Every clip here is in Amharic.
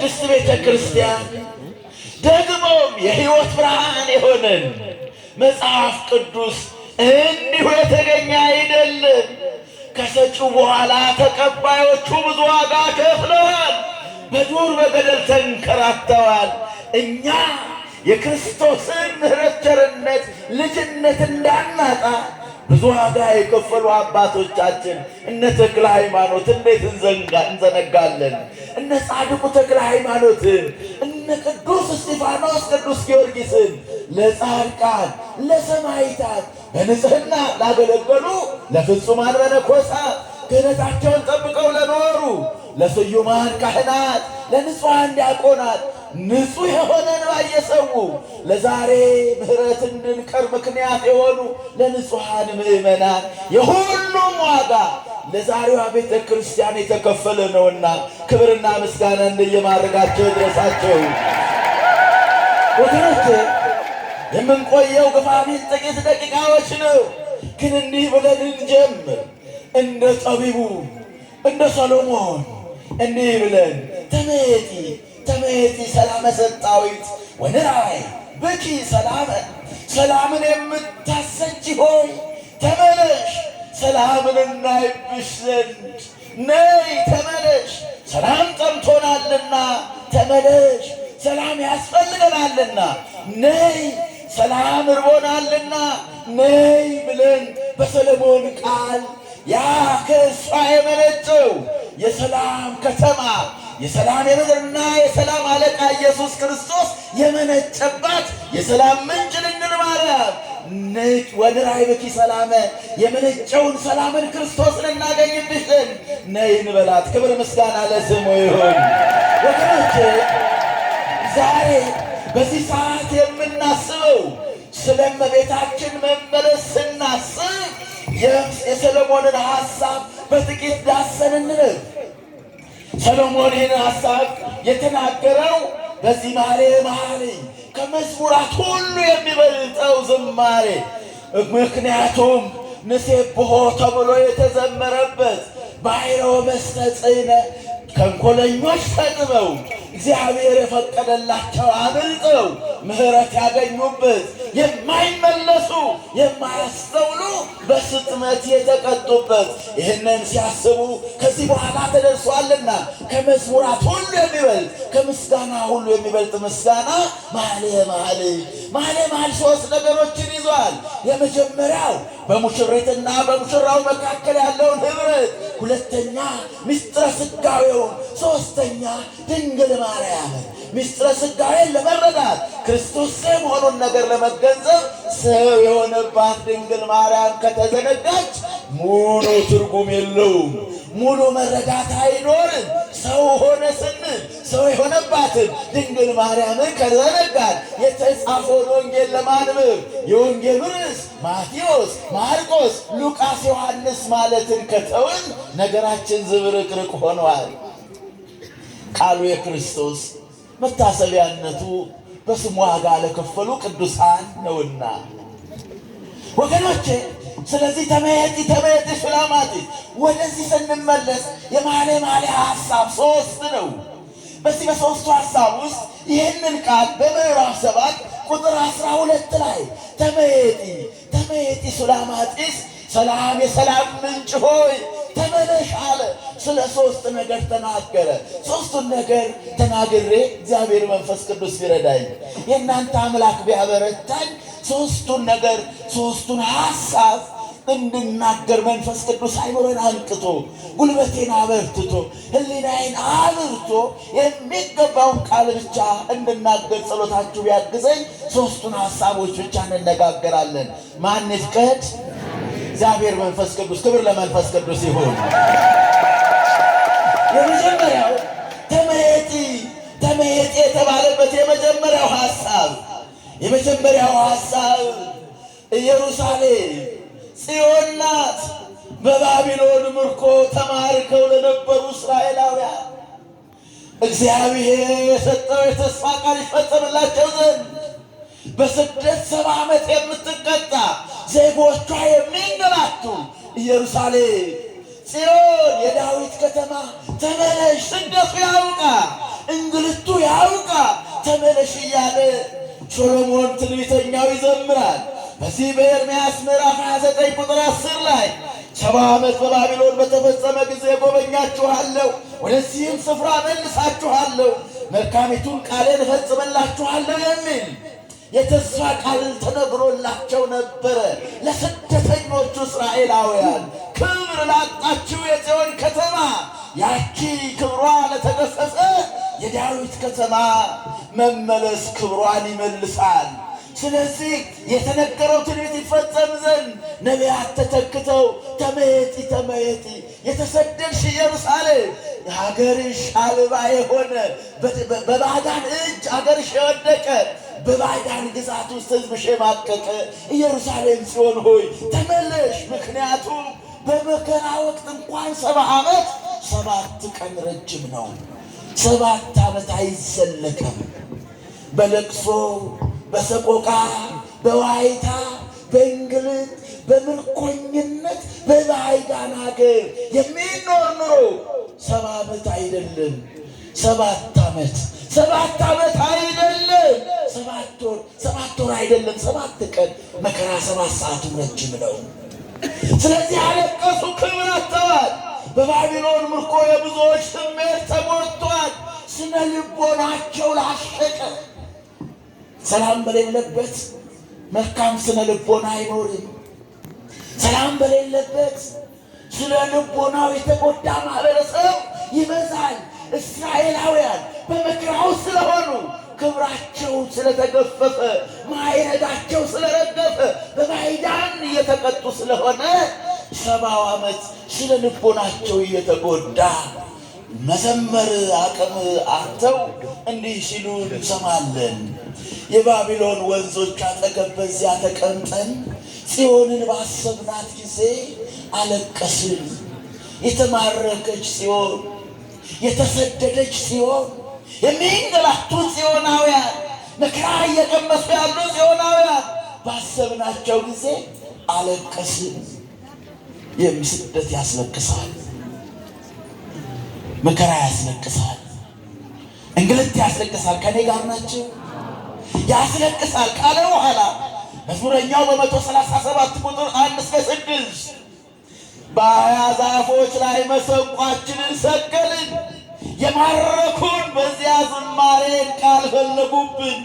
ቅድስት ቤተ ክርስቲያን ደግሞም የሕይወት ብርሃን የሆነን መጽሐፍ ቅዱስ እንዲሁ የተገኘ አይደለም። ከሰጪው በኋላ ተቀባዮቹ ብዙ ዋጋ ከፍለዋል፣ በዱር በገደል ተንከራተዋል። እኛ የክርስቶስን ምሕረት፣ ቸርነት፣ ልጅነት እንዳናጣ ብዙ ዋጋ የከፈሉ አባቶቻችን እነ ተክለ ሃይማኖት እንዴት እንዘነጋለን? እነ ጻድቁ ተክለ ሃይማኖትን፣ እነ ቅዱስ እስጢፋኖስ፣ ቅዱስ ጊዮርጊስን ለጻድቃን ለሰማይታት በንጽህና ላገለገሉ ለፍጹማን መነኮሳት ክህነታቸውን ጠብቀው ለኖሩ ለስዩማን ካህናት ለንጹሐን ዲያቆናት ንጹሕ የሆነን ባየሰው ለዛሬ ምሕረት እንድንቀር ምክንያት የሆኑ ለንጹሐን ምእመናን የሁሉም ዋጋ ለዛሬዋ ቤተ ክርስቲያን የተከፈለ ነውና ክብርና ምስጋና እንደየማድረጋቸው ድረሳቸው። ወገኖች የምንቆየው ግፋፊት ጥቂት ደቂቃዎች ነው። ግን እንዲህ ብለን እንጀምር። እንደ ጠቢቡ እንደ ሰሎሞን እንዲህ ብለን ተመቲ እምእቲ ሰላመ ሰጣዊት ወንርአይ ብኪ ሰላመ ሰላምን የምታሰጅ ሆይ ተመለሽ፣ ሰላምን እናይብሽ ዘንድ ነይ ተመለሽ። ሰላም ጠምቶናልና ተመለሽ፣ ሰላም ያስፈልገናልና ነይ፣ ሰላም እርቦናልና ነይ ብለን በሰለሞን ቃል ያ ከእሷ የመነጨው የሰላም ከተማ የሰላም የምድርና የሰላም አለቃ ኢየሱስ ክርስቶስ የመነጨባት የሰላም ምንጭ ድንግል ማርያም ነጭ ወድራይብኪ ሰላመ የመነጨውን ሰላምን ክርስቶስ ልናገኝብሽን ነይ እንበላት። ክብር ምስጋና ለስሙ ይሁን። ወገኖች ዛሬ በዚህ ሰዓት የምናስበው ስለ እመቤታችን መመለስ ስናስብ የሰለሞንን ሐሳብ በጥቂት ዳሰን እንለፍ። ሰሎሞን ይህን ሀሳብ የተናገረው በዚህ ማሬ ማሬ ከመዝሙራት ሁሉ የሚበልጠው ዝማሬ ምክንያቱም ንሴብሖ ተብሎ የተዘመረበት ባይሮ በስተጽሕነ ተንኮለኞች ፈጥነው እግዚአብሔር የፈቀደላቸው አብልጠው ምሕረት ያገኙበት የማይመለሱ የማያስተውሉ በስጥመት የተቀጡበት ይህንን ሲያስቡ ከዚህ በኋላ ተደርሷልና ከመዝሙራት ሁሉ የሚበልጥ ከምስጋና ሁሉ የሚበልጥ ምስጋና መኃልየ መኃልይ መኃልየ መኃልይ ሶስት ነገሮችን ይዟል። የመጀመሪያው በሙሽሪትና በሙሽራው መካከል ያለውን ኅብረት፣ ሁለተኛ ምስጢረ ሥጋዌው ሲሆን፣ ሶስተኛ ድንግል ማርያም ሚስጥረ ሥጋዌን ለመረዳት ክርስቶስ መሆኑን ነገር ለመገንዘብ ሰው የሆነባት ድንግል ማርያም ከተዘነጋች ሙሉ ትርጉም የለውም። ሙሉ መረዳት አይኖርም። ሰው ሆነ ስንል ሰው የሆነባትን ድንግል ማርያምን ከተዘነጋን የተጻፈውን ወንጌል ለማንበብ የወንጌሉ ርዕስ ማቴዎስ፣ ማርቆስ፣ ሉቃስ፣ ዮሐንስ ማለትን ከተውን ነገራችን ዝብርቅርቅ ሆኗል። ቃሉ የክርስቶስ መታሰቢያነቱ በስሙ ዋጋ ለከፈሉ ቅዱሳን ነውና ወገኖቼ። ስለዚህ ተመየጢ ተመየጢ ሱላማጢ ወደዚህ ስንመለስ የማሌ ማሌ ሀሳብ ሶስት ነው። በዚህ በሶስቱ ሀሳብ ውስጥ ይህንን ቃል በምዕራፍ ሰባት ቁጥር አስራ ሁለት ላይ ተመየጢ ተመየጢ ሱላማጢስ ሰላም የሰላም ምንጭ ሆይ ተመለሽ አለ። ስለ ሶስት ነገር ተናገረ። ሶስቱን ነገር ተናግሬ እግዚአብሔር መንፈስ ቅዱስ ቢረዳኝ የእናንተ አምላክ ቢያበረታኝ ሶስቱን ነገር ሶስቱን ሀሳብ እንድናገር መንፈስ ቅዱስ አይምሮን አንቅቶ ጉልበቴን አበርትቶ ሕሊናዬን አብርቶ የሚገባውን ቃል ብቻ እንድናገር ጸሎታችሁ ቢያግዘኝ ሶስቱን ሀሳቦች ብቻ እንነጋገራለን። ማን ይፍቀድ? የእግዚአብሔር መንፈስ ቅዱስ ክብር ለመንፈስ ቅዱስ ይሁን። የመጀመሪያው ተመየጢ ተመየጢ የተባለበት የመጀመሪያው ሀሳብ የመጀመሪያው ሀሳብ ኢየሩሳሌም ጽዮን ናት። በባቢሎን ምርኮ ተማርከው ለነበሩ እስራኤላውያን እግዚአብሔር የሰጠው የተስፋ ቃል ይፈጸምላቸው ዘንድ በስደት ሰባ ዓመት የምትቀጣ ዜጎቿ የሚንገላቱ ኢየሩሳሌም ጽዮን የዳዊት ከተማ ተመለሽ፣ ስደቱ ያውቃ፣ እንግልቱ ያውቃ፣ ተመለሽ እያለ ሶሎሞን ትንቢተኛው ይዘምራል። በዚህ በኤርምያስ ምዕራፍ 29 ቁጥር 10 ላይ ሰባ ዓመት በባቢሎን በተፈጸመ ጊዜ ጎበኛችኋለሁ፣ ወደዚህም ስፍራ መልሳችኋለሁ፣ መልካሚቱን ቃሌን እፈጽመላችኋለሁ የሚል የተስፋ ቃልን ተነግሮላቸው ነበረ። ለስደተኞቹ እስራኤላውያን ክብር ላጣችው የጽዮን ከተማ ያቺ ክብሯ ለተገሰጸ የዳዊት ከተማ መመለስ ክብሯን ይመልሳል። ስለዚህ የተነገረው ትንቢት ይፈጸም ዘንድ ነቢያት ተተክተው ተመየጢ ተመየጢ የተሰደድሽ ኢየሩሳሌም ሀገርሽ አልባ የሆነ በባዕዳን እጅ ሀገርሽ የወደቀ በባዕዳን ግዛት ውስጥ ሕዝብሽ የማቀቀ ኢየሩሳሌም ጽዮን ሆይ ተመለሽ። ምክንያቱም በመከራ ወቅት እንኳን ሰባ ዓመት ሰባት ቀን ረጅም ነው። ሰባት ዓመት አይዘለቅም። በለቅሶ በሰቆቃ በዋይታ በእንግልት በምርኮኝነት በባዕዳን ሀገር የሚኖር ኑሮ ሰባ ዓመት አይደለም፣ ሰባት ዓመት ሰባት ዓመት አይደለም፣ ሰባት ወር ሰባት ወር አይደለም፣ ሰባት ቀን መከራ ሰባት ሰዓቱ ረጅም ነው። ስለዚህ አለቀሱ፣ ክብር አጥተዋል። በባቢሎን ምርኮ የብዙዎች ስሜት ተጎድቷል። ስነ ልቦናቸው ላሸቀ ሰላም በሌለበት መልካም ስነ ልቦና አይኖርም። ሰላም በሌለበት ስነ ልቦናው የተጎዳ ማህበረሰብ ይበዛል። እስራኤላውያን በመከራው ስለሆኑ ክብራቸው ስለተገፈፈ ማዕረጋቸው ስለረገፈ በማዕዳን እየተቀጡ ስለሆነ ሰባው ዓመት ስነ ልቦናቸው እየተጎዳ መዘመር አቅም አተው እንዲህ ሲሉ እንሰማለን። የባቢሎን ወንዞች አጠገብ በዚያ ተቀምጠን ጽዮንን ባሰብናት ጊዜ አለቀስን። የተማረከች ጽዮን፣ የተሰደደች ጽዮን፣ የሚንገላቱ ጽዮናውያን፣ መከራ እየቀመሱ ያሉ ጽዮናውያን ባሰብናቸው ጊዜ አለቀስን። የሚስደት ያስለቅሳል። መከራ ያስለቅሳል፣ እንግልት ያስለቅሳል። ከኔ ጋር ናቸው። ያስለቅሳል ካለ በኋላ መዝሙረኛው በመቶ ሰላሳ ሰባት ቁጥር አንድ እስከ ስድስት በሀያ ዛፎች ላይ መሰንቋችንን ሰቀልን፣ የማረኩን በዚያ ዝማሬን ቃል ፈለጉብን፣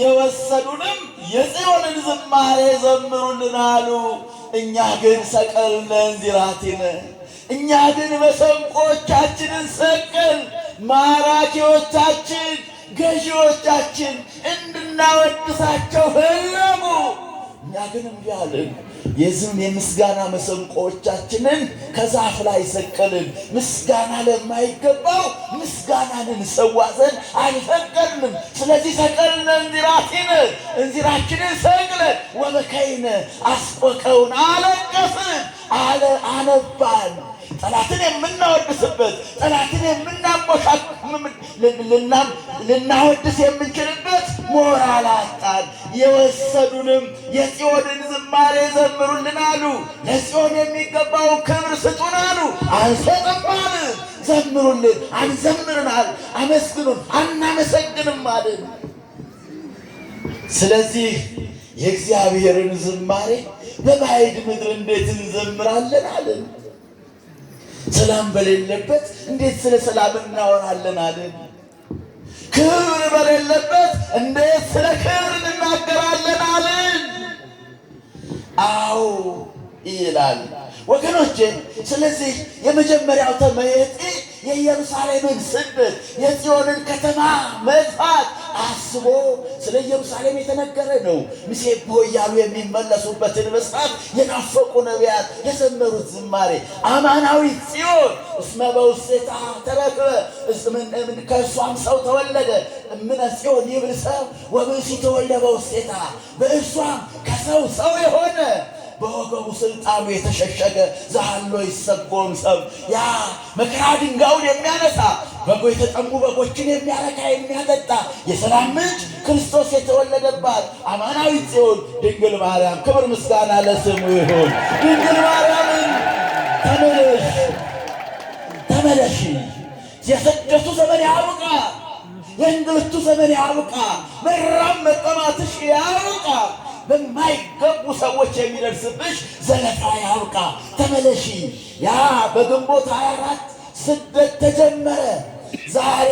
የወሰዱንም የጽዮንን ዝማሬ ዘምሩልን አሉ። እኛ ግን ሰቀልነን ዚራቲነ እኛ ግን መሰንቆቻችንን ሰቀን ማራኪዎቻችን፣ ገዢዎቻችን እንድናወድሳቸው ህለሙ። እኛ ግን እምቢ አልን። የዝም የምስጋና መሰንቆዎቻችንን ከዛፍ ላይ ሰቀልን። ምስጋና ለማይገባው ምስጋናንን ሰዋዘን አልፈቀድንም። ስለዚህ ሰቀልነ እንዚራቲነ እንዚራችንን ሰቅለን ወበከይነ አስቆቀውን አለቀስን አነባን ጠላትን የምናወድስበት ጠላትን የምናሞሻት ልናወድስ የምንችልበት ሞራል አጣን። የወሰዱንም የጽዮንን ዝማሬ ዘምሩልን አሉ። ለጽዮን የሚገባው ክብር ስጡን አሉ። አንሰጥማል። ዘምሩልን አንዘምርናል። አመስግኑን አናመሰግንም አልን። ስለዚህ የእግዚአብሔርን ዝማሬ በባዕድ ምድር እንዴት እንዘምራለን አለን። ሰላም በሌለበት እንዴት ስለ ሰላም እናወራለን አለን? ክብር በሌለበት እንዴት ስለ ክብር እንናገራለን አለን? አዎ ይላል ወገኖቼ። ስለዚህ የመጀመሪያው ተመየጤ የኢየሩሳሌምን ስብር የጽዮንን ከተማ መጥፋት አስቦ ስለ ኢየሩሳሌም የተነገረ ነው። ቦ እያሉ የሚመለሱበትን መስራት የናፈቁ ነቢያት የዘመሩት ዝማሬ አማናዊ ጽዮን እስመ በውስቴታ ተረክበ ከእሷም ሰው ተወለደ እምነ ጽዮን ይብል ሰው ወብእሲ ተወልደ በውስቴታ በእሷም ከሰው ሰው የሆነ በወገቡ ስልጣኑ የተሸሸገ ዛሃሎ ይሰጎም ሰብ ያ መከራ ድንጋዩን የሚያነሳ በጎ የተጠሙ በጎችን የሚያረካ የሚያጠጣ የሰላም ምንጭ ክርስቶስ የተወለደባት አማናዊ ጽዮን ድንግል ማርያም ክብር ምስጋና ለስሙ ይሁን። ድንግል ማርያምን ተመለሽ ተመለሽ። የስደቱ ዘመን ያብቃ፣ የእንግልቱ ዘመን ያብቃ፣ መራም መጠማትሽ ያብቃ። በማይገቡ ሰዎች የሚደርስብሽ ዘለፋ ያብቃ። ተመለሺ። ያ በግንቦት 24 ስደት ተጀመረ። ዛሬ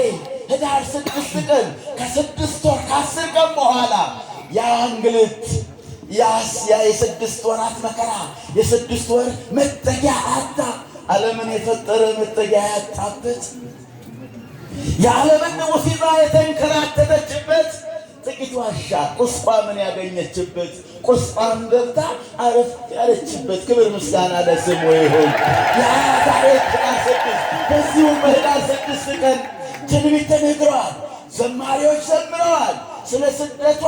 ህዳር ስድስት ቀን ከስድስት ወር ከአስር ቀን በኋላ ያ እንግልት ያ የስድስት ወራት መከራ የስድስት ወር መጠጊያ አጣ። ዓለምን የፈጠረ መጠጊያ ያጣበት የዓለምን ሙሲባ የተንከራተተችበት ጥቂት ዋሻ ቁስቋምን ያገኘችበት ቁስቋም ገብታ አረፍት ያለችበት ክብር ምስጋና ለስሙ ይሁን። የአያታሪክ ስድስት በዚሁም በህዳር ስድስት ቀን ትንቢት ተነግረዋል። ዘማሪዎች ዘምረዋል። ስለ ስደቷ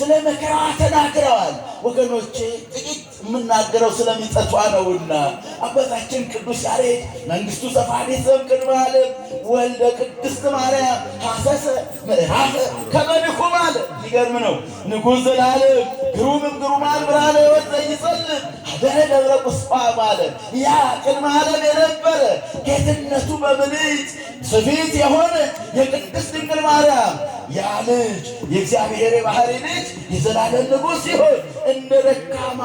ስለ መከራዋ ተናግረዋል። ወገኖቼ ጥቂት የምናገረው ስለሚጠቷ ነውና። አባታችን ቅዱስ ያሬድ መንግሥቱ ሰፋዲስም ቅድመ ዓለም ወልደ ቅድስት ማርያም ሐሰሰ ምዕራፍ ከመልኩ ማለት ይገርም ነው። ንጉሥ ዘላለም ግሩምም ግሩማን ብርሃነ ሕይወት ዘይጸልም ሀገረ ደብረ ቁስቋ ባለ ያ ቅድመ ዓለም የነበረ ጌትነቱ በምልጅ ስፊት የሆነ የቅድስት ድንግል ማርያም ያ ልጅ የእግዚአብሔር የባህሪ ልጅ የዘላለም ንጉሥ ሲሆን እንደ ደካማ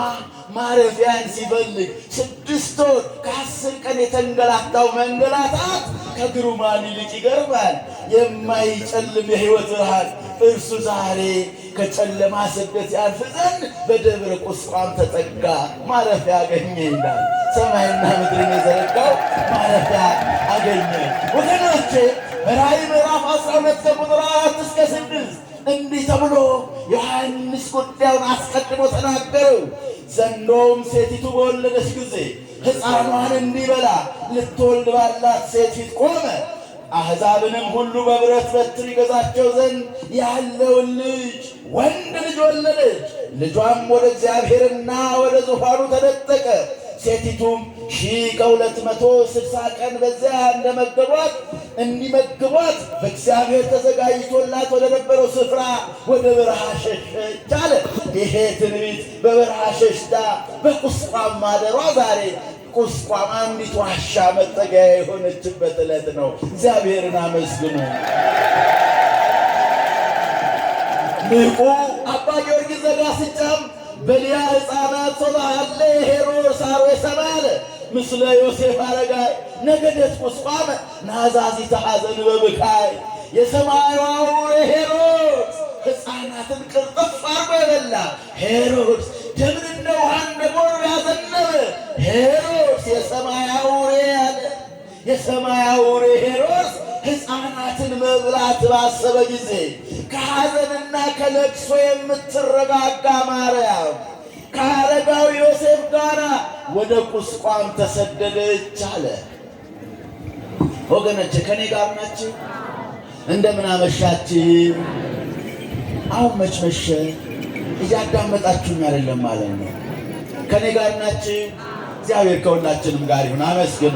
ማረፊያን ሲፈልግ ስድስት ወር ከአስር ቀን የተንገላታው መንገላታት ከግሩማን ይልቅ ይገርማል። የማይጨልም የሕይወት ብርሃን እርሱ ዛሬ ከጨለማ ስደት ያልፍ ዘንድ በደብረ ቁስቋም ተጠጋ፣ ማረፊያ አገኘ ይላል። ሰማይና ምድርን የዘረጋው ማረፊያ አገኘ። ወገኖቼ በራእይ ምዕራፍ 12 ከቁጥር 4 እስከ 6 እንዲህ ተብሎ ዮሐንስ ጉዳዩን አስቀድሞ ተናገረው። ዘንዶም ሴቲቱ በወለደች ጊዜ ሕፃኗን እንዲበላ ልትወልድ ባላት ሴት ፊት ቆመ። አሕዛብንም ሁሉ በብረት በትር ይገዛቸው ዘንድ ያለውን ልጅ ወንድ ልጅ ወለደች። ልጇም ወደ እግዚአብሔርና ወደ ዙፋኑ ተነጠቀ። ሴቲቱም ሺህ ከሁለት መቶ ስድሳ ቀን በዚያ እንደመገቧት እንዲመግቧት በእግዚአብሔር ተዘጋጅቶላት ወደ ነበረው ስፍራ ወደ በረሃ ሸሸች አለ። ይሄ ትንቢት በበረሃ ሸሽታ በቁስቋም ማደሯ ዛሬ ቁስቋም አንዲት ዋሻ መጠጊያ የሆነችበት ዕለት ነው። እግዚአብሔርን አመስግኑ። ንቁ አባ ጊዮርጊስ ዘጋስጫም በሊያ ሕፃናት ሶባሃለ ሄሮድስ አርዌ ሰብአለ ምስለ ዮሴፍ አረጋይ ነገደት ቁስቋም ናዛዚተ ሐዘን በብካይ የሰማያዊው ሄሮድስ ሕፃናትን ቅርጥፍ አርጎ የበላ ሄሮድስ እንደ ውሃ ያዘነበ ሄሮድስ የሰማይ አውሬ ያለ የሰማይ አውሬ ሄሮድስ ሕፃናትን መብላት ባሰበ ጊዜ ከሐዘንና ከለቅሶ የምትረጋጋ ማርያም ከአረጋዊ ዮሴፍ ጋር ወደ ቁስቋም ተሰደደች አለ። ወገኖች ከኔ ጋር ናችሁ? እንደምን አመሻችሁ? አሁን መች መሸ? እያዳመጣችሁኝ አይደለም ማለት ነው። ከኔ ጋር ናችሁ። እግዚአብሔር ከሁላችንም ጋር ይሁን። አመስግኑ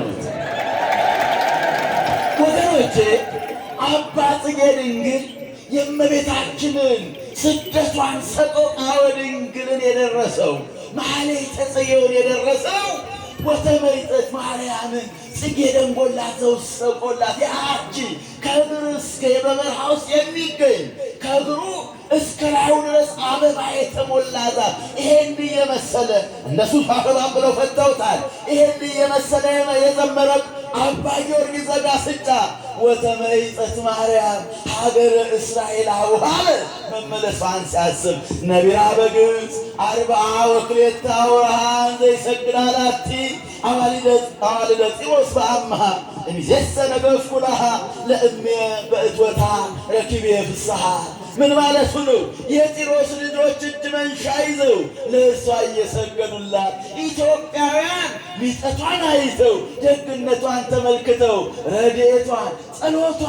ወገኖቼ። አባ ጽጌ ድንግል የእመቤታችንን ስደቷን ሰቆቃወ ድንግልን የደረሰው ማህሌተ ጽጌውን የደረሰው ወተመይጠት ማርያምን ጽጌ ደንጎላት ዘውሰቆላት ያቺ ከእግር እስከ በበረሃ ውስጥ የሚገኝ ከእግሩ እስከ ላዩ ድረስ አበባ የተሞላ ዛፍ ይሄን የመሰለ እነሱ አበባ ብለው ፈተውታል። ይሄን የመሰለ የዘመረ አባ ጊዮርጊስ ዘጋስጫ ወተመይጠት ማርያም ሀገር እስራኤል አውሃለ መመለሷን ሲያስብ ነቢራ በግብፅ አርባ ወክሌታ ወርሃን ዘይሰግዳላቲ አዋልደ ጢሮስ በአምሃ እሚዜሰ ነገፍኩላሃ ለእሜ በእትወታ ረኪቤ ፍስሐ ምን ማለቱ ነው? የጢሮስ ልጆች እጅ መንሻ ይዘው ለእሷ እየሰገዱላት ኢትዮጵያውያን ሚጠቷን አይተው ደግነቷን ተመልክተው ረድኤቷን ጸሎቷ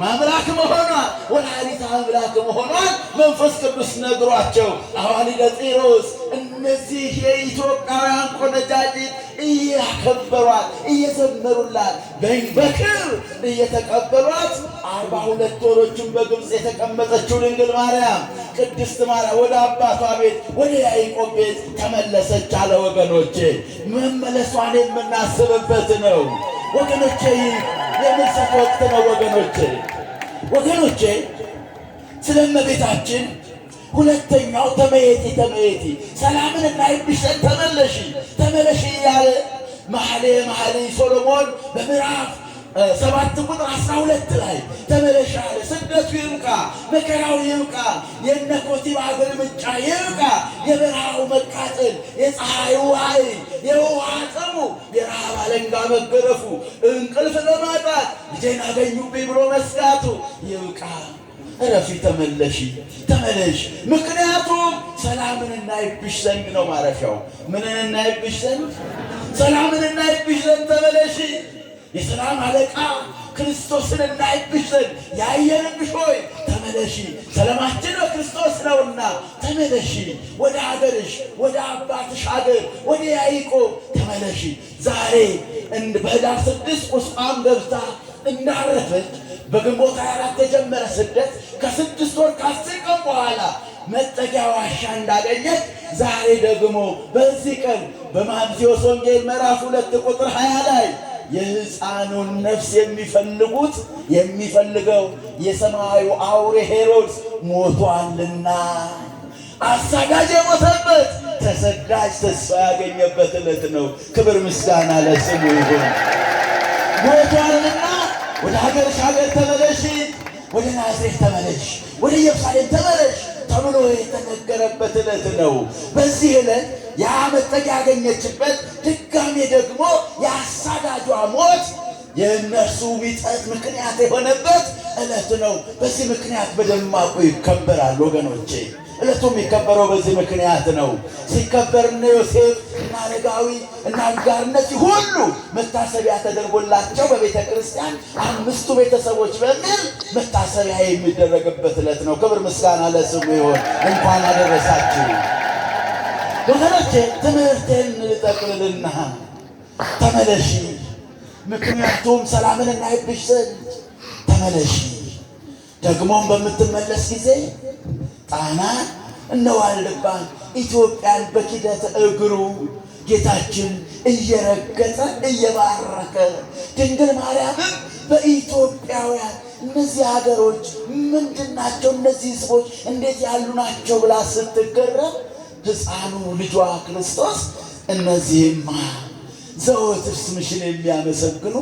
ማምላክ መሆኗ ወላዲተ አምላክ መሆኗን መንፈስ ቅዱስ ነግሯቸው ሐዋርያው ጢሮስ እነዚህ የኢትዮጵያውያን ቆነጃጅት እያከበሯት እየዘመሩላት በክብር እየተቀበሏት አርባ ሁለት ወሮችን በግብፅ የተቀመጠችው ድንግል ማርያም ቅድስት ማርያም ወደ አባቷ ቤት ወደ ያዕቆብ ቤት ተመለሰች አለ። ወገኖቼ መመለሷን የምናስብበት ነው ወገኖቼ የንስሐ ወቅት ነው ወገኖቼ። ወገኖቼ ስለ እመቤታችን ሁለተኛው ተመየቲ ተመየቲ ሰላምን እናይብሽን ተመለሺ ተመለሺ እያለ መኃልየ መኃልይ ሶሎሞን በምዕራፍ ሰባት ቁጥር አስራ ሁለት ላይ ተመለሻለ። ስደቱ ይብቃ፣ መከራው ይብቃ፣ የነ ኮቲባ ግልምጫ ይብቃ፣ የበረሃው መቃጠል፣ የፀሐዩ ኃይል፣ የውሃ ጥሙ፣ የረሃብ አለንጋ መገረፉ፣ እንቅልፍ ለማጣት ልጄን አገኙብኝ ብሎ መስጋቱ ይብቃ። እረፊ፣ ተመለሺ፣ ተመለሽ። ምክንያቱም ሰላምን እናይብሽ ዘንድ ነው ማረፊያው። ምንን እናይብሽ ዘንድ? ሰላምን እናይብሽ ዘንድ ተመለሺ። የሰላም አለቃ ክርስቶስን እናይብሽ ያየንብሽ ሆይ ተመለሺ። ሰላማችን በክርስቶስ ነውና ተመለሺ፣ ወደ ሀገርሽ፣ ወደ አባትሽ ሀገር ወደ ያዕቆብ ተመለሺ። ዛሬ በህዳር ስድስት ቁስቋም ገብታ እንዳረፈች በግንቦት 24 የጀመረ ስደት ከስድስት ወር ከአስር ቀን በኋላ መጠጊያ ዋሻ እንዳገኘች ዛሬ ደግሞ በዚህ ቀን በማቴዎስ ወንጌል ምዕራፍ ሁለት ቁጥር ሀያ ላይ የሕፃኑን ነፍስ የሚፈልጉት የሚፈልገው የሰማዩ አውሬ ሄሮድስ ሞቷልና አሳዳጅ የሞተበት ተሰዳጅ ተስፋ ያገኘበት ዕለት ነው። ክብር ምስጋና ለስሙ ይሁን። ሞቷልና ወደ ሀገርሽ ሀገር ተመለሽ፣ ወደ ናዝሬት ተመለሽ፣ ወደ ኢየሩሳሌም ተመለሽ ተብሎ የተነገረበት ዕለት ነው። በዚህ ዕለት ያ መጠጊያ ያገኘችበት ድጋሜ ደግሞ የአሳዳጇ ሞት የእነርሱ ቢጠት ምክንያት የሆነበት ዕለት ነው። በዚህ ምክንያት በደማቁ ይከበራል ወገኖቼ። እለቱ የሚከበረው በዚህ ምክንያት ነው። ሲከበር እነ ዮሴፍ እና አረጋዊ እና አጋር እነዚህ ሁሉ መታሰቢያ ተደርጎላቸው በቤተ ክርስቲያን አምስቱ ቤተሰቦች በሚል መታሰቢያ የሚደረግበት ዕለት ነው። ክብር ምስጋና ለስሙ ይሆን። እንኳን አደረሳችሁ ወገኖቼ። ትምህርቴን እንጠቅልልና ተመለሺ፣ ምክንያቱም ሰላምን እናይብሽ ዘንድ ተመለሺ። ደግሞም በምትመለስ ጊዜ ጣና እነዋልባን ኢትዮጵያን በኪደት እግሩ ጌታችን እየረገጠ እየባረከ ድንግል ማርያምም በኢትዮጵያውያን እነዚህ ሀገሮች ምንድን ናቸው? እነዚህ ሕዝቦች እንዴት ያሉ ናቸው? ብላ ስትገረም ሕፃኑ ልጇ ክርስቶስ እነዚህማ ዘወትር ስምሽን የሚያመሰግኑ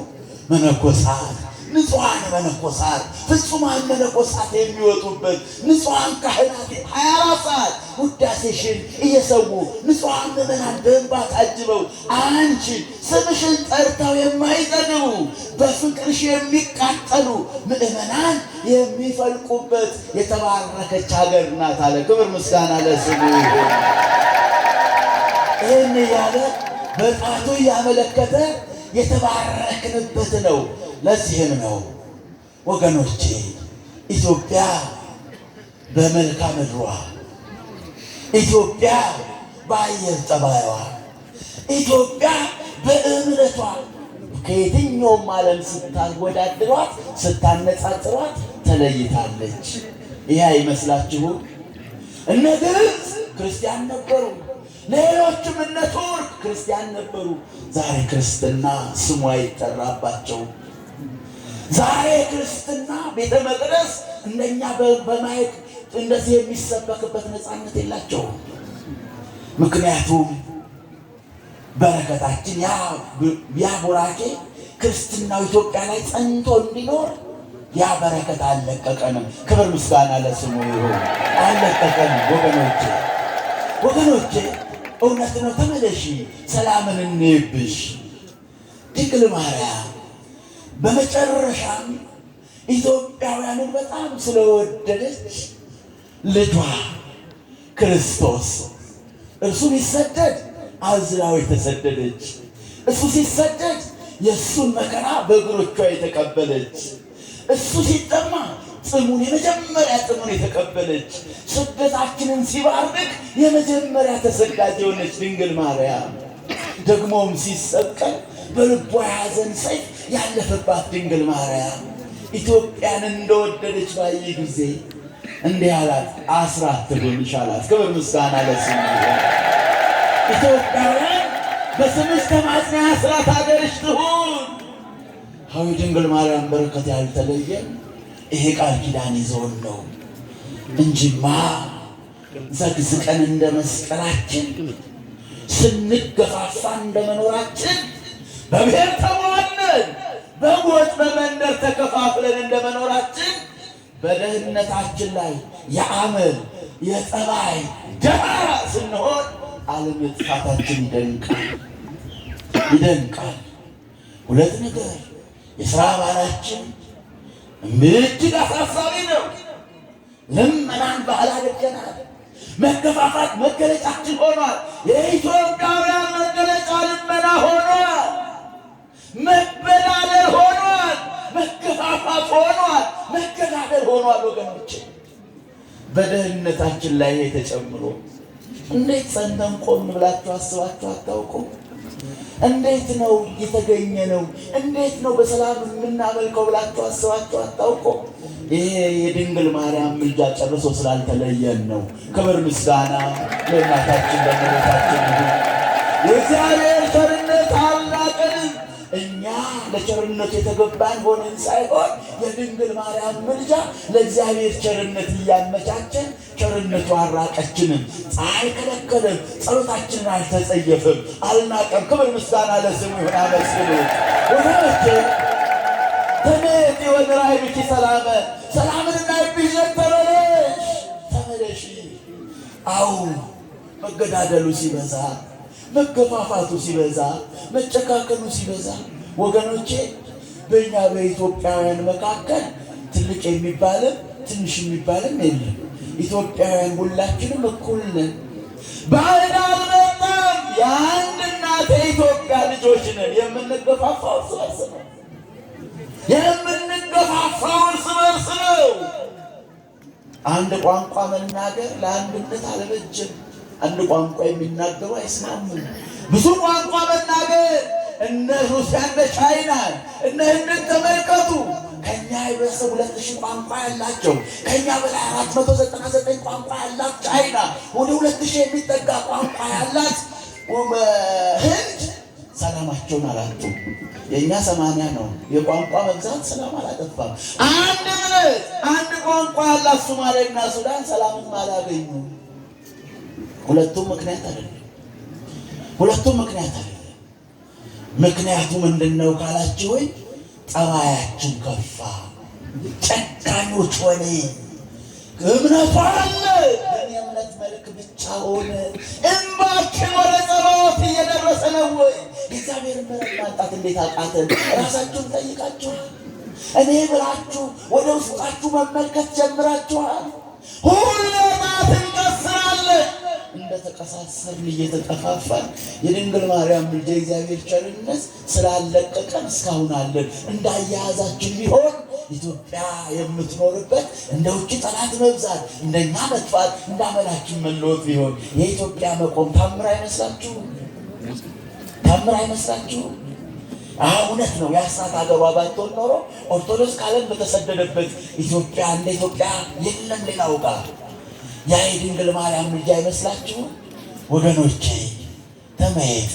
መነኮሳት ንጹሐን መነኮሳት ፍጹማን መነኮሳት የሚወጡበት ንጹሐን ካህናት ሀያ አራት ሰዓት ውዳሴሽን እየሰዉ ንጹሐን ምዕመናን በእንባ ታጅበው አንቺ ስምሽን ጠርተው የማይጠግቡ በፍቅርሽ የሚቃጠሉ ምዕመናን የሚፈልቁበት የተባረከች ሀገር ናት አለ። ክብር ምስጋና ለስሙ ይሁን። ይህን እያለ በጣቱ እያመለከተ የተባረክንበት ነው። ለዚህም ነው ወገኖቼ ኢትዮጵያ በመልክዓ ምድሯ፣ ኢትዮጵያ በአየር ጠባይዋ፣ ኢትዮጵያ በእምነቷ ከየትኛውም ዓለም ስታወዳድሯት ስታነጻጽሯት ተለይታለች። ይህ አይመስላችሁም? እነ ግብፅ ክርስቲያን ነበሩ። ሌሎችም እነ ቱርክ ክርስቲያን ነበሩ። ዛሬ ክርስትና ስሙ አይጠራባቸውም። ዛሬ ክርስትና ቤተ መቅደስ እንደኛ በማየት እንደዚህ የሚሰበክበት ነፃነት የላቸውም። ምክንያቱም በረከታችን ያ ቡራኬ ክርስትናው ኢትዮጵያ ላይ ጸንቶ እንዲኖር ያ በረከት አልለቀቀንም። ክብር ምስጋና ለስሙ ይሁን። አልለቀቀንም። ወገኖቼ ወገኖቼ፣ እውነት ነው። ተመለሺ፣ ሰላምን እንይብሽ ድንግል ማርያም በመጨረሻም ኢትዮጵያውያንን በጣም ስለወደደች ልጇ ክርስቶስ እርሱ ሲሰደድ አዝላው የተሰደደች እሱ ሲሰደድ የእሱን መከራ በእግሮቿ የተቀበለች እሱ ሲጠማ ጽሙን የመጀመሪያ ጽሙን የተቀበለች ስደታችንን ሲባርክ የመጀመሪያ ተሰጋጅ የሆነች ድንግል ማርያም ደግሞም ሲሰቀል በልቧ የያዘን ሰይፍ ያለፈባት ድንግል ማርያም ኢትዮጵያን እንደወደደች ባየ ጊዜ እንዲህ አላት፣ አስራት ትጎንሽ ይሻላት። ክብር ምስጋና ለስ ኢትዮጵያውያን በስምስ ተማጽና አስራት ሀገርሽ ትሁን። ሀዊ ድንግል ማርያም በረከት ያልተለየ ይሄ ቃል ኪዳን ይዘውን ነው እንጂማ ዘግዝቀን እንደ መስቀላችን ስንገፋፋ እንደ መኖራችን በብሔር ተሟነን በጎጥ በመንደር ተከፋፍለን እንደመኖራችን በደህንነታችን ላይ የአመል የጸባይ ደሃ ስንሆን ዓለም የጥፋታችን ይደንቃል ይደንቃል። ሁለት ነገር የሥራ ባህላችን እጅግ አሳሳቢ ነው። ልመናን ባህል አድርገናል። መከፋፋት መገለጫችን ሆኗል። የኢትዮጵያውያን መገለጫ ልመና ሆኗል። መበላለር ሆኗል፣ መከፋፋት ሆኗል፣ መገዳደል ሆኗል። ወገኖች በደህንነታችን ላይ የተጨምሮ እንዴት ጸንተን ቆም ብላችሁ አስባችሁ አታውቁም? እንዴት ነው የተገኘ ነው? እንዴት ነው በሰላም የምናመልከው ብላችሁ አስባችሁ አታውቁም? ይሄ የድንግል ማርያም ምልጃ ጨርሶ ስላልተለየን ነው። ክብር ምስጋና ለእናታችን ለመሬታችን እግዚአብሔር እኛ ለቸርነት የተገባን ሆነን ሳይሆን የድንግል ማርያም ምልጃ ለእግዚአብሔር ቸርነት እያመቻችን ቸርነቱ አራቀችንም፣ ፀሐይ ከለከለን፣ ጸሎታችንን አልተጸየፍም፣ አልናቀም። ክብር ምስጋና ለስሙ ይሁን። አመስግኑ ወገኖቼ። ትምህርት የሆነ ራይ ብቺ ሰላመ ሰላምን ቢዘት ተመለሽ ተመለሽ። አዎ መገዳደሉ ሲበዛ መገፋፋቱ ሲበዛ፣ መጨካከሉ ሲበዛ ወገኖቼ በእኛ በኢትዮጵያውያን መካከል ትልቅ የሚባልም ትንሽ የሚባልም የለም። ኢትዮጵያውያን ሁላችንም እኩል ነን። ባዕዳ አልመጣም። የአንድ እናት የኢትዮጵያ ልጆች ነን። የምንገፋፋው እርስ በርስ ነው። የምንገፋፋው እርስ በርስ ነው። አንድ ቋንቋ መናገር ለአንድነት አልበጀም። አንድ ቋንቋ የሚናገሩ አይስማሙም። ብዙ ቋንቋ መናገር እነ ሩሲያ እነ ቻይና እነ ህንድን ተመልከቱ። ከኛ የበሰ ሁለት ሺህ ቋንቋ ያላቸው ከኛ በላይ አራት መቶ ዘጠና ዘጠኝ ቋንቋ ያላት ቻይና ወደ ሁለት ሺህ የሚጠጋ ቋንቋ ያላት ህንድ ሰላማቸውን አላጡ። የእኛ ሰማንያ ነው። የቋንቋ መብዛት ሰላም አላጠፋም። አንድ ምለት አንድ ቋንቋ ያላት ሶማሌና ሱዳን ሰላምን አላገኙም። ሁለቱም ምክንያት አይደለም። ሁለቱም ምክንያት አይደለም። ምክንያቱ ምንድነው ወይ ጠባያችን ከፋ፣ ጨካኞች ወኔ እምነቱ አለ በእኔ እምነት መልክ ብቻ ሆነ። እምባችን ወደ ጸሎት እየደረሰ ነው ወይ? እግዚአብሔር ምረት ማጣት እንዴት አቃተን? ራሳችሁን ጠይቃችኋል? እኔ ብላችሁ ወደ ውስጣችሁ መመልከት ጀምራችኋል? ሁሉ እንደተቀሳሰርን እየተቀፋፋ የድንግል ማርያም ልጅ እግዚአብሔር ቸርነት ስላለቀቀን እስካሁን አለን። እንዳያያዛችን ቢሆን ኢትዮጵያ የምትኖርበት እንደ ውጭ ጠላት መብዛት፣ እንደኛ መጥፋት፣ እንዳመላችን መለወት ቢሆን የኢትዮጵያ መቆም ታምር አይመስላችሁ? ታምር አይመስላችሁ? እውነት ነው። የአሳት አገሯ ባትሆን ኖሮ ኦርቶዶክስ ካለም በተሰደደበት ኢትዮጵያ እንደ ኢትዮጵያ የለም ሌላ ውቃ ያ የድንግል ማርያም ልጅ አይመስላችሁም? ወገኖቼ ተመየጢ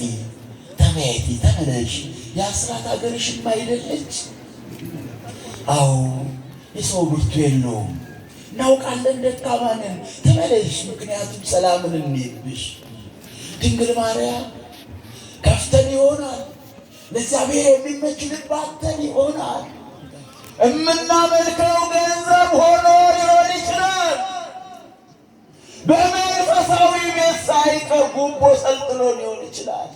ተመየጢ ተመለሽ። የአስራት ሀገርሽማ አይደለች? አዎ የሰው ብርቱ የለውም እናውቃለን፣ ደካማንን ተመለሽ። ምክንያቱም ሰላምን እንሄድብሽ ድንግል ማርያም ከፍተን ይሆናል ለእግዚአብሔር የሚመች ልባተን ይሆናል። እምናመልከው ገንዘብ ሆኖ ሊሆን ይችላል። በመንፈሳዊ ቤት ሳይቀር ጉቦ ሊሆን ይችላል።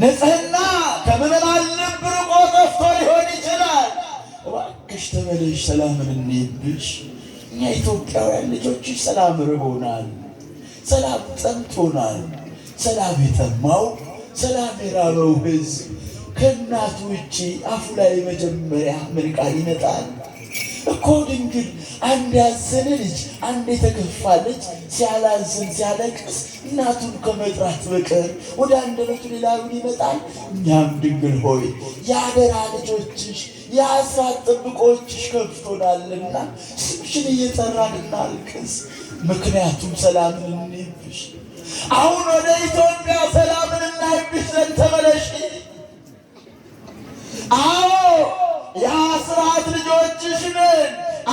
ንጽህና ከምዕመናን ልብ ርቆ ጠፍቶ ሊሆን ይችላል። እባክሽ ተመለሽ፣ ሰላምን እንይብሽ። እኛ ኢትዮጵያውያን ልጆችሽ ሰላም ርቦናል፣ ሰላም ጠምቶናል። ሰላም የተማው ሰላም የራበው ህዝብ ከእናቱ ውጪ አፉ ላይ መጀመሪያ ምን ቃል ይመጣል? እኮ ድንግል አንድ ያዘነ ልጅ አንድ የተገፋ ልጅ ሲያላዝን ሲያለቅስ እናቱን ከመጥራት በቀር ወደ አንደበቱ ሌላ ምን ይመጣል? እኛም ድንግል ሆይ የአደራ ልጆችሽ የአስራት ጥብቆችሽ ከፍቶናልና ስምሽን እየጠራን እናልቅስ። ምክንያቱም ሰላምን እንይብሽ። አሁን ወደ ኢትዮጵያ ሰላምን እናይብሽ ዘንድ ተመለሽ። አዎ የአስራት ልጆችሽንን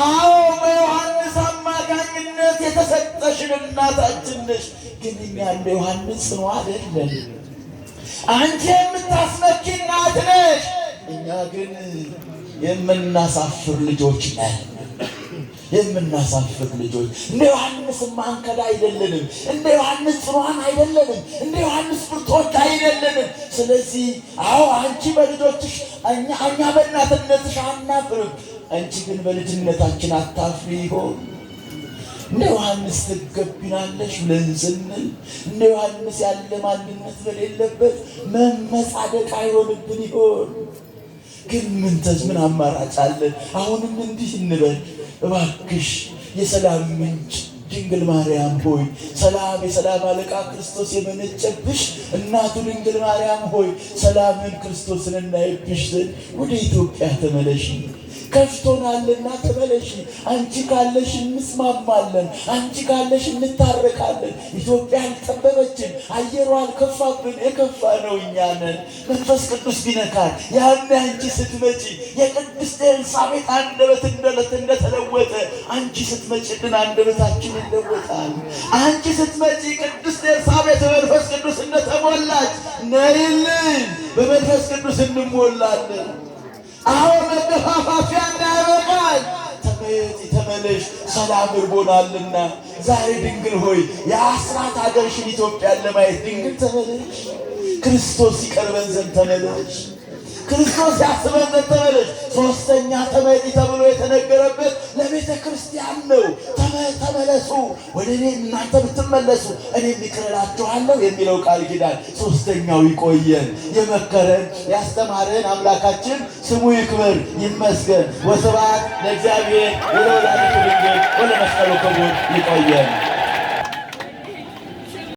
አዎ በዮሐንስ አማካኝነት የተሰጠሽን እናታችን ነሽ። ግን እኛ እንደ ዮሐንስ ነው አይደለን። አንቺ የምታስመኪ እናት ነሽ፣ እኛ ግን የምናሳፍር ልጆች ነን። የምናሳፍር ልጆች እንደ ዮሐንስ ማንከዳ አይደለንም። እንደ ዮሐንስ ጽኗን አይደለንም። እንደ ዮሐንስ ብርቶች አይደለንም። ስለዚህ አዎ አንቺ በልጆችሽ እኛ በእናትነትሽ አናፍርም። አንቺ ግን በልጅነታችን አታፍሪ ይሆን? እንደ ዮሐንስ ትገቢናለሽ ብለን ስንል እንደ ዮሐንስ ያለ ማንነት በሌለበት መመጻደቅ አይሆንብን ይሆን? ግን ምንተዝ ምን አማራጭ አለን? አሁንም እንዲህ እንበል እባክሽ የሰላም ምንጭ ድንግል ማርያም ሆይ ሰላም የሰላም አለቃ ክርስቶስ የመነጨብሽ እናቱ ድንግል ማርያም ሆይ ሰላምን ክርስቶስን እናይብሽ ዘንድ ወደ ኢትዮጵያ ተመለሽ። ከፍቶናልና ትበለሽ። አንቺ ካለሽ እንስማማለን፣ አንቺ ካለሽ እንታረቃለን። ኢትዮጵያ አልጠበበችን፣ አየሯ አልከፋብን። የከፋ ነው እኛ መንፈስ ቅዱስ ቢነካል ያኔ አንቺ ስትመጪ የቅድስት ኤልሳቤጥ አንደበት እንደተለወጠ አንቺ ስትመጪልን አንደበታችን ይለወጣል። አንቺ ስትመጪ ቅድስት ኤልሳቤጥ መንፈስ ቅዱስ እንደተሞላች ነይልን፣ በመንፈስ ቅዱስ እንሞላለን። አዎ መገፋፋፊያ እንዳያበቃል ተመየጢ ተመለሽ፣ ሰላም እርቦናልና። ዛሬ ድንግል ሆይ የአስራት ሀገርሽን ኢትዮጵያን ለማየት ድንግል ተመለሽ፣ ክርስቶስ ይቀርበን ዘንድ ተመለሽ። ክርስቶስ ያስበበት ተመለስ። ሶስተኛ ተመሪ ተብሎ የተነገረበት ለቤተ ክርስቲያን ነው። ተመለሱ፣ ወደ እኔ እናንተ ብትመለሱ እኔ ይቅር የሚለው ቃል ኪዳን ሶስተኛው ይቆየን። የመከረን ያስተማረን አምላካችን ስሙ ይክበር ይመስገን። ወስብሐት ለእግዚአብሔር ወለወላዲቱ ድንግል ወለመስቀሉ ክቡር ይቆየን።